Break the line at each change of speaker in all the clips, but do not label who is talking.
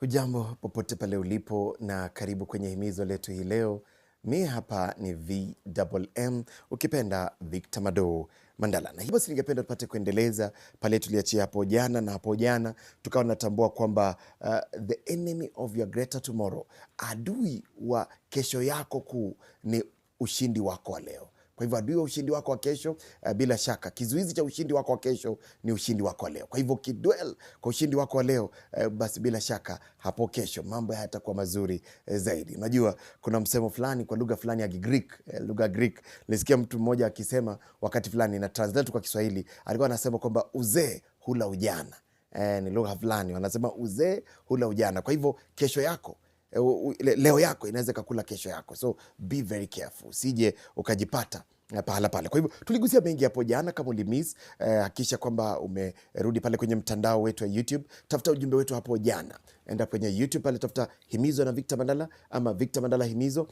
Hujambo popote pale ulipo na karibu kwenye himizo letu hii leo. Mi hapa ni VMM, ukipenda Victor Mado Mandala, na hivyo basi ningependa tupate kuendeleza pale tuliachia hapo jana, na hapo jana tukawa natambua kwamba uh, the enemy of your greater tomorrow, adui wa kesho yako kuu ni ushindi wako wa leo. Kwa hivyo adui wa ushindi wako wa kesho uh, bila shaka kizuizi cha ushindi wako wa kesho ni ushindi wako leo. Kwa hivyo kidwel kwa ushindi wako wa leo uh, basi bila shaka hapo kesho mambo hayatakuwa mazuri uh, zaidi. Unajua kuna msemo fulani kwa lugha fulani ya Greek, uh, lugha Greek, nilisikia mtu mmoja akisema wakati fulani, na translate kwa Kiswahili, alikuwa anasema kwamba uzee hula ujana. Eh, ni lugha fulani wanasema uzee hula ujana. Kwa hivyo kesho yako Eh, leo yako inaweza kakula kesho yako, so be very careful, usije ukajipata eh, pahala pale. Kwa hivyo tuligusia mengi hapo jana, kama ulimiss, eh, hakikisha eh, kwamba umerudi pale kwenye mtandao wetu wa YouTube, tafuta ujumbe wetu hapo jana, enda kwenye YouTube pale, tafuta himizo na Victor Mandala ama Victor Mandala himizo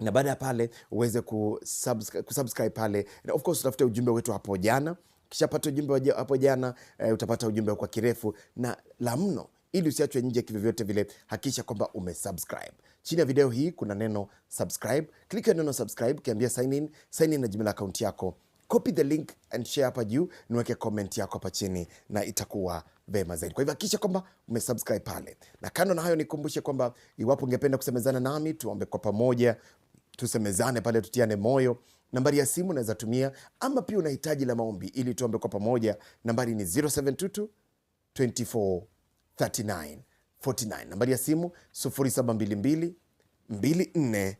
na baada ya pale uweze kusubscribe, kusubscribe pale na of course utafute ujumbe wetu hapo jana. kishapata ujumbe hapo jana utapata ujumbe kwa kirefu na la mno ili usiachwe nje kivyovyote vile, hakikisha kwamba umesubscribe. Chini ya video hii kuna neno subscribe, klika neno subscribe, kiambia sign in, sign in na jina la akaunti yako, copy the link and share hapa juu, niweke comment yako hapa chini na itakuwa vema zaidi. Kwa hivyo hakikisha kwamba umesubscribe pale, na kando na hayo nikumbushe kwamba iwapo ungependa kusemezana nami, tuombe kwa pamoja, tusemezane pale, tutiane moyo nambari ya simu unaweza tumia, ama pia unahitaji la maombi ili tuombe kwa pamoja. Nambari ni 0722 24 3949 Nambari ya simu 0722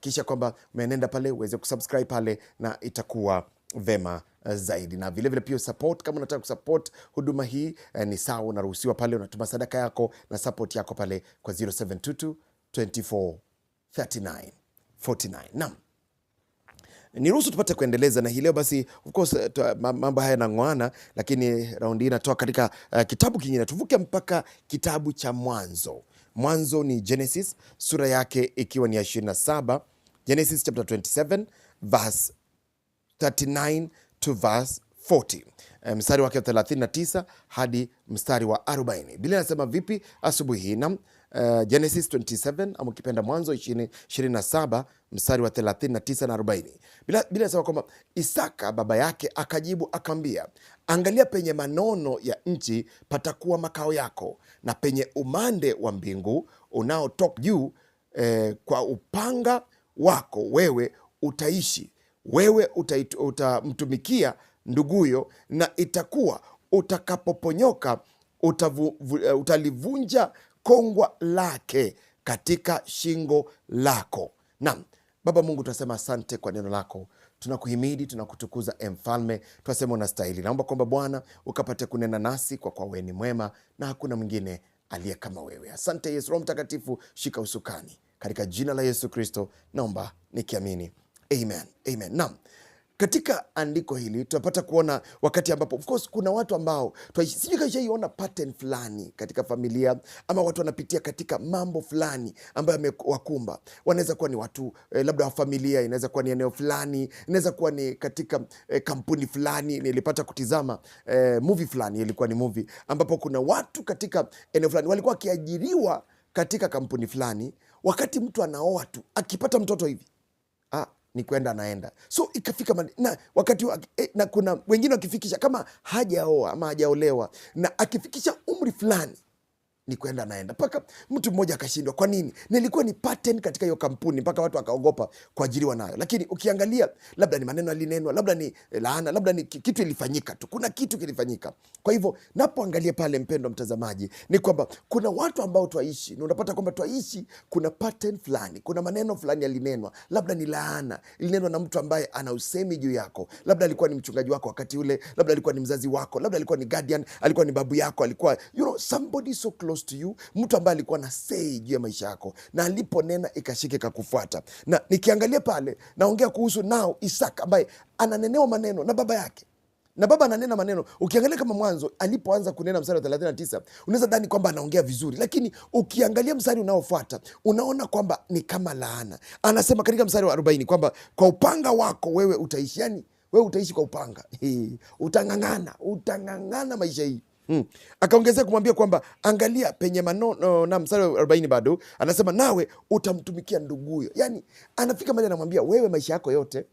Kisha kwamba umenenda pale uweze kusubscribe pale na itakuwa vema eh, zaidi na vilevile vile pia support. Kama unataka kusupport huduma hii eh, ni sawa, unaruhusiwa pale, unatuma sadaka yako na support yako pale kwa 0722 24 39 49. nam niruhusu tupate kuendeleza na hii leo basi, of course eh, mambo haya yanang'oana, lakini raundi hii natoa katika uh, kitabu kingine. Tuvuke mpaka kitabu cha Mwanzo. Mwanzo ni Genesis, sura yake ikiwa ni ya 27, Genesis chapter 27 verse 39 to verse 40 eh, mstari wake 39 hadi mstari wa 40. Biblia inasema vipi asubuhi hii? uh, Genesis 27 ama ukipenda Mwanzo 27 mstari wa 39 na 40. Bila sema kwamba Isaka baba yake akajibu akaambia, angalia penye manono ya nchi patakuwa makao yako, na penye umande wa mbingu unaotoka juu eh, kwa upanga wako wewe utaishi, wewe utamtumikia uta, nduguyo na itakuwa utakapoponyoka utavu, eh, utalivunja kongwa lake katika shingo lako. Naam, Baba Mungu, tunasema asante kwa neno lako tunakuhimidi tunakutukuza, e Mfalme, tunasema unastahili. Naomba kwamba Bwana ukapate kunena nasi, kwa kuwa wewe ni mwema na hakuna mwingine aliye kama wewe. Asante Yesu. Roho Mtakatifu, shika usukani, katika jina la Yesu Kristo naomba nikiamini, amen, amen. Naam. Katika andiko hili tunapata kuona wakati ambapo of course kuna watu ambao sijui kashaiona pattern fulani katika familia ama watu wanapitia katika mambo fulani ambayo yamewakumba. Wanaweza kuwa ni watu eh, labda wa familia, inaweza kuwa ni eneo fulani, inaweza kuwa ni katika eh, kampuni fulani. Nilipata kutizama eh, movie fulani, ilikuwa ni movie ambapo kuna watu katika eneo fulani walikuwa wakiajiriwa katika kampuni fulani, wakati mtu anaoa tu akipata mtoto hivi ni kwenda naenda, so ikafika mani, na wakati wa, eh, na kuna wengine wakifikisha kama hajaoa ama hajaolewa na akifikisha umri fulani ni kwenda naenda mpaka mtu mmoja akashindwa. Kwa nini? Nilikuwa ni pattern katika hiyo kampuni mpaka watu wakaogopa kuajiriwa nayo. Lakini ukiangalia, labda ni maneno alinenwa, labda ni laana, labda ni kitu ilifanyika tu, kuna kitu kilifanyika. Kwa hivyo napoangalia pale, mpendo mtazamaji, ni kwamba kuna watu ambao twaishi na unapata kwamba twaishi, kuna pattern fulani, kuna maneno fulani alinenwa, labda ni laana ilinenwa na mtu ambaye ana usemi juu yako, labda alikuwa ni mchungaji wako wakati ule, labda alikuwa ni mzazi wako, labda alikuwa ni guardian, alikuwa ni babu yako, alikuwa you know, somebody so close close to you, mtu ambaye alikuwa na say juu ya maisha yako, na aliponena ikashika ikakufuata. Na nikiangalia pale, naongea kuhusu nao Isaka ambaye ananenewa maneno na baba yake na baba ananena maneno. Ukiangalia kama mwanzo alipoanza kunena mstari wa 39 unaweza dhani kwamba anaongea vizuri, lakini ukiangalia mstari unaofuata unaona kwamba ni kama laana. Anasema katika mstari wa 40 kwamba kwa upanga wako wewe utaishi, yani wewe utaishi kwa upanga, utang'ang'ana, utang'ang'ana maisha hii Hmm. Akaongezea kumwambia kwamba angalia penye maneno na mstari wa arobaini bado anasema nawe utamtumikia nduguyo. Yani anafika mahali anamwambia wewe, maisha yako yote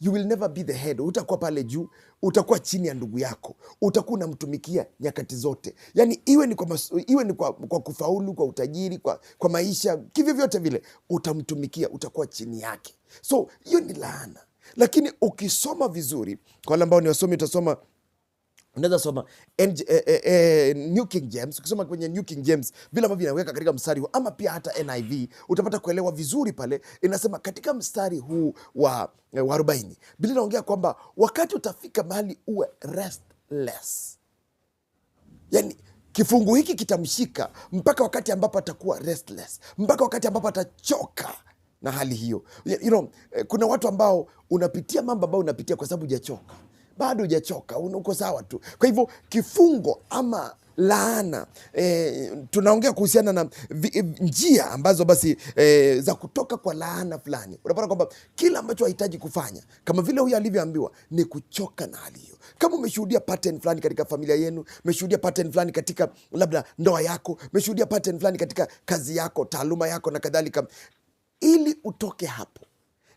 you will never be the head, utakuwa pale juu, utakuwa chini ya ndugu yako, utakuwa unamtumikia nyakati zote. Yani iwe ni kwa, masu, iwe ni kwa, kwa kufaulu, kwa utajiri, kwa, kwa maisha, kivyo vyote vile utamtumikia, utakuwa chini yake. So hiyo ni laana, lakini ukisoma vizuri, kwa wale ambao ni wasomi utasoma unaweza soma NG, eh, eh, eh, New King James. Ukisoma kwenye New King James vile ambavyo inaweka katika mstari huu ama pia hata NIV utapata kuelewa vizuri pale. Inasema katika mstari huu wa 40 eh, Biblia inaongea kwamba wakati utafika mahali uwe restless, yani kifungu hiki kitamshika mpaka wakati ambapo atakuwa restless, mpaka wakati ambapo atachoka na hali hiyo. You know, eh, kuna watu ambao unapitia mambo ambayo unapitia kwa sababu hujachoka bado hujachoka, uko sawa tu. Kwa hivyo kifungo ama laana e, tunaongea kuhusiana na vi, eh, njia ambazo basi e, za kutoka kwa laana fulani. Unapata kwamba kila ambacho hahitaji kufanya kama vile huyo alivyoambiwa ni kuchoka na hali hiyo. Kama umeshuhudia pattern fulani katika familia yenu, umeshuhudia pattern fulani katika labda ndoa yako, umeshuhudia pattern fulani katika kazi yako, taaluma yako na kadhalika, ili utoke hapo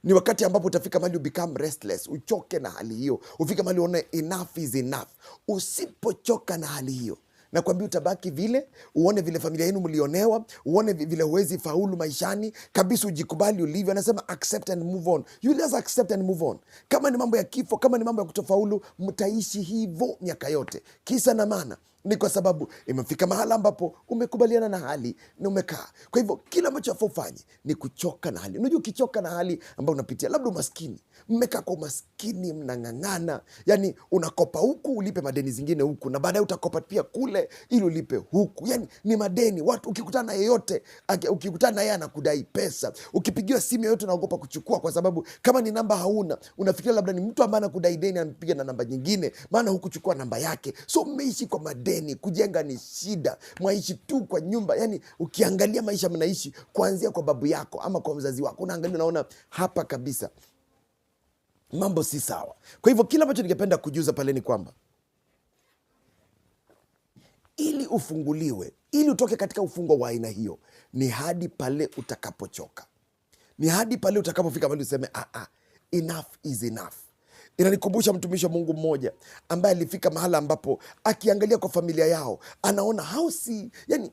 ni wakati ambapo utafika mali ubecome restless, uchoke na hali hiyo, ufike mali uone enough is enough. Usipochoka na hali hiyo nakwambia utabaki vile, uone vile familia yenu mlionewa, uone vile huwezi faulu maishani kabisa, ujikubali ulivyo. Anasema accept and move on, you just accept and move on. Kama ni mambo ya kifo, kama ni mambo ya kutofaulu, mtaishi hivyo miaka yote, kisa na maana ni kwa sababu imefika mahala ambapo umekubaliana na hali na umekaa. Kwa hivyo kila ambacho afaa ufanye ni kuchoka na hali. Unajua, ukichoka na hali ambayo unapitia, labda umaskini, mmekaa kwa umaskini, mnang'ang'ana, yani unakopa huku ulipe madeni zingine huku, na baadaye utakopa pia kule ili ulipe huku, yani ni madeni. Watu ukikutana na yeyote, ukikutana na yeye anakudai pesa, ukipigiwa simu yoyote unaogopa kuchukua, kwa sababu kama ni namba hauna, unafikiria labda ni mtu ambaye anakudai deni, anapiga na namba nyingine, maana hukuchukua namba yake. So mmeishi kwa madeni deni, kujenga ni shida, mwaishi tu kwa nyumba. Yani ukiangalia maisha mnaishi kuanzia kwa babu yako ama kwa mzazi wako, unaangalia unaona hapa kabisa mambo si sawa. Kwa hivyo kile ambacho ningependa kujuza pale ni kwamba ili ufunguliwe, ili utoke katika ufungo wa aina hiyo, ni hadi pale utakapochoka, ni hadi pale utakapofika pale useme, ah, ah, enough is enough. Inanikumbusha mtumishi wa Mungu mmoja ambaye alifika mahala ambapo akiangalia kwa familia yao anaona hausi, yani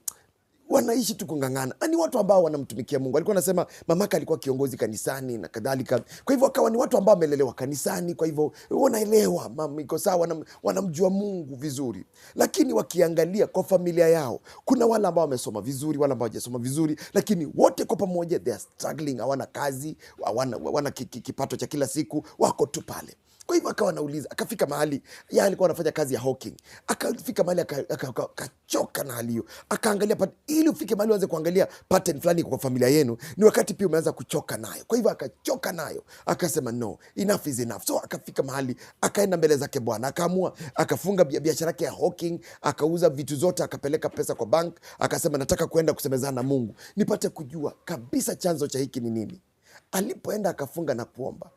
wanaishi tu kung'ang'ana, ni watu ambao wanamtumikia Mungu. Alikuwa anasema mamaka alikuwa kiongozi kanisani na kadhalika, kwa hivyo akawa ni watu ambao wamelelewa kanisani, kwa hivyo wanaelewa mama iko sawa, wanam, wanamjua Mungu vizuri. Lakini wakiangalia kwa familia yao, kuna wale ambao wamesoma vizuri, wale ambao hawajasoma vizuri, lakini wote kwa pamoja they are struggling, hawana kazi, hawana kipato cha kila siku, wako tu pale kwa hivyo akawa anauliza, akafika mahali ya alikuwa anafanya kazi ya hawking, akafika mahali akachoka na hali hiyo, akaangalia ili ufike mahali uanze kuangalia pattern fulani kwa familia yenu, ni wakati pia umeanza kuchoka nayo. Kwa hivyo akachoka nayo, akasema no, enough is enough. So akafika mahali akaenda mbele zake Bwana, akaamua akafunga biashara yake ya hawking, akauza vitu zote, akapeleka pesa kwa bank, akasema nataka kuenda kusemezana na Mungu nipate kujua kabisa chanzo cha hiki ni nini. Alipoenda akafunga na kuomba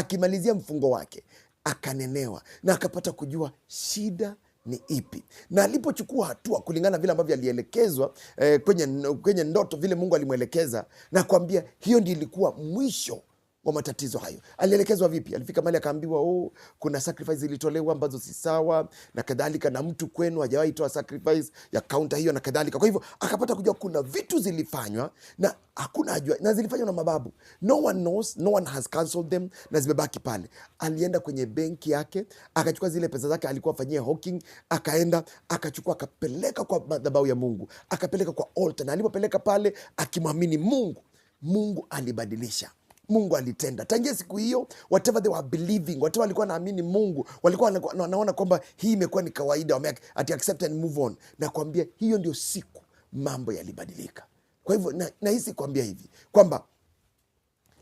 akimalizia mfungo wake akanenewa na akapata kujua shida ni ipi, na alipochukua hatua kulingana vile ambavyo alielekezwa eh, kwenye, kwenye ndoto vile Mungu alimwelekeza na kuambia, hiyo ndio ilikuwa mwisho wa matatizo hayo. Alielekezwa vipi? Alifika mahali akaambiwa, oh, kuna sacrifice ilitolewa ambazo si sawa na kadhalika, na mtu kwenu hajawahi toa sacrifice ya kaunta hiyo na kadhalika. Kwa hivyo akapata kujua kuna vitu zilifanywa na hakuna ajua, na zilifanywa na mababu, no one knows, no one has cancelled them, na zimebaki pale. Alienda kwenye benki yake akachukua zile pesa zake alikuwa afanyia hawking, akaenda akachukua akapeleka kwa madhabahu ya Mungu, akapeleka kwa altar, na alipopeleka pale akimwamini Mungu, Mungu alibadilisha Mungu alitenda tangia siku hiyo, whatever they were believing, whatever walikuwa naamini Mungu, walikuwa wanaona kwamba hii imekuwa ni kawaida, wame ati accept and move on. Nakwambia hiyo ndio siku mambo yalibadilika. Kwa hivyo nahisi na kuambia hivi kwamba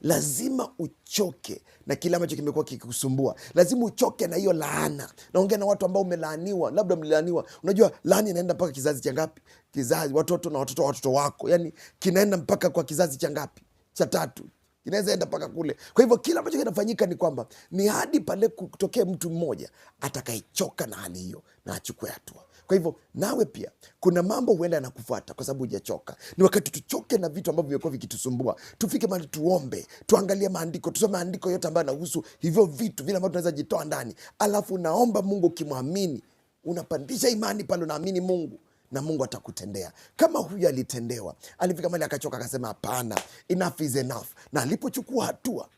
lazima uchoke na kile ambacho kimekuwa kikusumbua. Lazima uchoke na hiyo laana. Naongea na watu ambao umelaaniwa, labda mlilaaniwa. Unajua laana inaenda mpaka kizazi cha ngapi? Kizazi, watoto na watoto wa watoto wako, yani kinaenda mpaka kwa kizazi cha ngapi? Cha tatu, inaweza enda mpaka kule. Kwa hivyo kila ambacho kinafanyika ni kwamba ni hadi pale kutokee mtu mmoja atakayechoka na hali hiyo na achukue hatua. Kwa hivyo nawe pia kuna mambo huenda yanakufuata kwa sababu hujachoka. Ni wakati tuchoke na vitu ambavyo vimekuwa vikitusumbua, tufike mahali tuombe, tuangalie maandiko, tusome maandiko yote ambayo yanahusu hivyo vitu vile ambavyo tunaweza jitoa ndani, alafu naomba Mungu ukimwamini unapandisha imani pale, unaamini Mungu na Mungu atakutendea kama huyu alitendewa. Alifika mali akachoka, akasema hapana, enough is enough, na alipochukua hatua,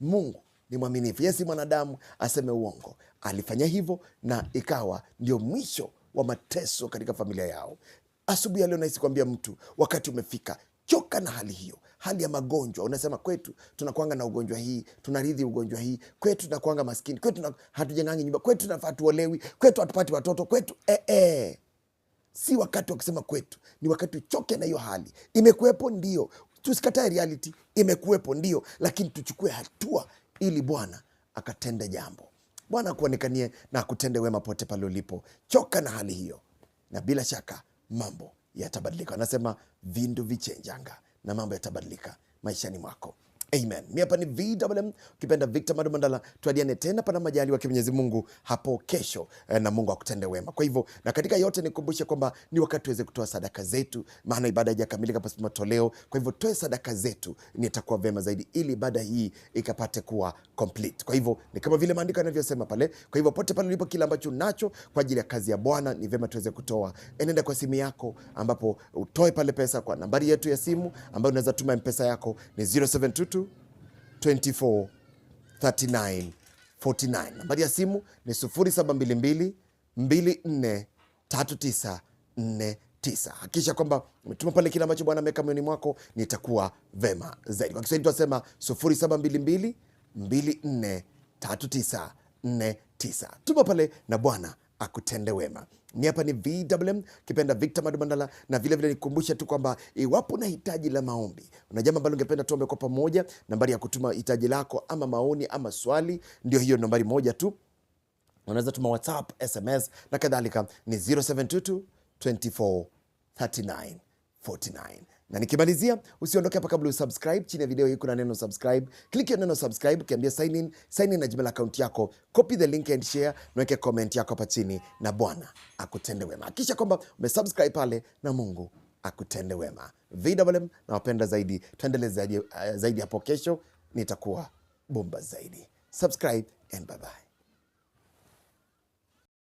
Mungu ni mwaminifu. Yeye si mwanadamu aseme uongo. Alifanya hivyo na ikawa ndio mwisho wa mateso katika familia yao. Asubuhi ya leo nahisi kuambia mtu, wakati umefika. Choka na hali hiyo, hali ya magonjwa. Unasema kwetu tunakuanga na ugonjwa hii, tunarithi ugonjwa hii, kwetu tunakuanga maskini, kwetu hatujengangi nyumba, kwetu tunafaa tuolewi, kwetu hatupati watoto, kwetu eh, eh si wakati wa kusema kwetu, ni wakati uchoke na hiyo hali. Imekuwepo ndio, tusikatae reality, imekuwepo ndio, lakini tuchukue hatua ili Bwana akatende jambo. Bwana akuonekanie na akutende wema pote pale ulipo. Choka na hali hiyo, na bila shaka mambo yatabadilika. Wanasema vindu vichenjanga, na mambo yatabadilika maishani mwako. Amen. Mi hapa ni VMM, ukipenda Victor Madu Mandala, tuadiane tena pana majali wa Mwenyezi Mungu hapo kesho, eh, na Mungu akutende wema. Kwa hivyo na katika yote nikumbushe kwamba ni wakati tuweze kutoa sadaka zetu, maana ibada haijakamilika pasipo matoleo. Kwa hivyo toe sadaka zetu, ni itakuwa vema zaidi, ili ibada hii ikapate kuwa complete. Kwa hivyo ni kama vile maandiko yanavyosema pale. Kwa hivyo pote pale ulipo, kila ambacho unacho kwa ajili ya kazi ya Bwana ni vema tuweze kutoa. Enenda kwa simu yako, ambapo utoe pale pesa kwa nambari yetu ya simu ambayo unaweza tuma mpesa yako ni 0722 24 49. Nambari ya simu ni 0722 24 3949. Hakikisha kwamba umetuma pale kile ambacho Bwana ameweka moyoni mwako, nitakuwa vema zaidi. Kwa Kiswahili tunasema 0722 24 3949. Tuma pale na Bwana akutende wema. Ni hapa ni VMM kipenda Victor madumandala na vile vile nikukumbusha tu kwamba iwapo na hitaji la maombi, una jambo ambalo ungependa tuombe kwa pamoja, nambari ya kutuma hitaji lako ama maoni ama swali ndio hiyo nambari moja tu. Unaweza tuma WhatsApp, SMS na kadhalika, ni 0722 24 39 49. Na nikimalizia, usiondoke hapa kabla usubscribe. Chini ya video hii kuna neno subscribe. Click hiyo neno subscribe, kiambia sign in, sign in na Gmail account yako. Copy the link and share, naweke comment yako hapa chini na Bwana akutende wema. Hakisha kwamba umesubscribe pale na Mungu akutende wema. VMM na wapenda zaidi. Tuendelee zaidi, uh, zaidi hapo kesho nitakuwa bomba zaidi. Subscribe and bye bye.